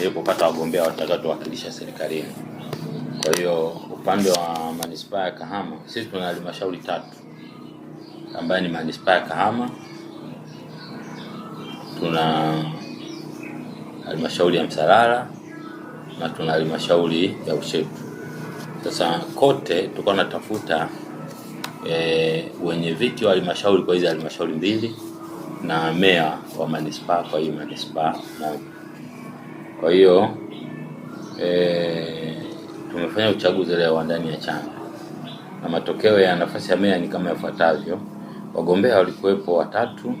ili kupata wagombea watakaotuwakilisha serikalini. Kwa hiyo upande wa manispaa ya Kahama sisi tuna halmashauri tatu ambayo ni manispaa ya Kahama, tuna halmashauri ya Msalala na tuna halmashauri ya Ushetu. Sasa kote tuko natafuta e, wenye viti wa halmashauri kwa hizi halmashauri mbili na meya wa manispaa kwa hii manispaa moja. Kwa hiyo e, tumefanya uchaguzi leo wa ndani ya chama na matokeo ya nafasi ya meya ni kama yafuatavyo: wagombea walikuwepo watatu,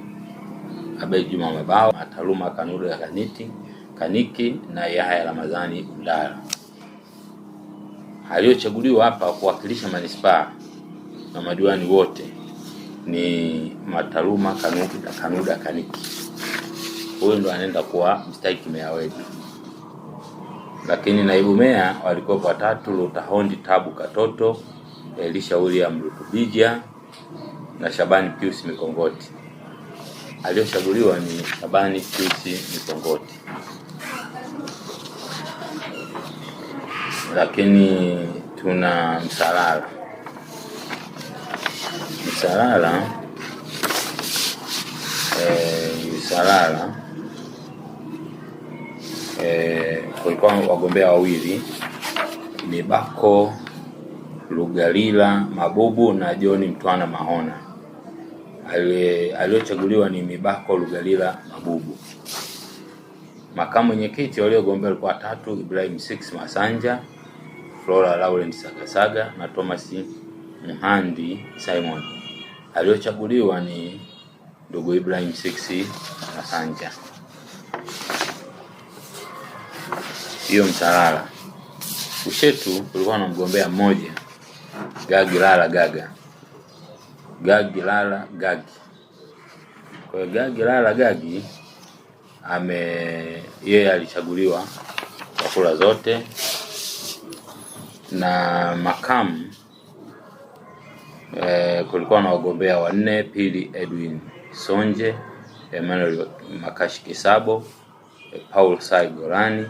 Abeid Juma mabao Ataluma Kanuda Kaniti Kaniki na Yahya Ramadhani Undara. Aliyochaguliwa hapa kuwakilisha manispaa na madiwani wote ni Mataluma Kanuda Kanuda Kaniki, huyo ndo anaenda kuwa mstaiki meya wetu lakini naibu meya walikuwa watatu: Lutahondi Tabu Katoto, Elisha William Rutubija na Shabani Pius Mikongoti. Aliyochaguliwa ni Shabani Pius Mikongoti, lakini tuna Msalala. Msalala, eh, Msalala e, wagombea wawili ni Bako Lugalila Mabubu na John Mtwana Mahona. Aliyochaguliwa ni Mibako Lugalila Mabubu. Makamu mwenyekiti waliogombea walikuwa watatu: Ibrahim Six Masanja, Flora Laurent Sagasaga na Thomas Mhandi Simon. Aliyochaguliwa ni ndugu Ibrahim Six Masanja hiyo mtalala Ushetu kulikuwa na mgombea mmoja Gagi Lala Gaga, Gagi Lala Gagi. Kwa Gagi Lala Gagi ame yeye alichaguliwa kwa zote, na makamu e, kulikuwa na wagombea wanne: Pili Edwin Sonje, Emmanuel Makashi Kisabo Paul Sai Gorani,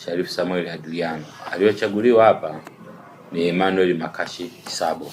Sharif Samuel Adriano. Aliyochaguliwa hapa ni Emmanuel Makashi Sabo.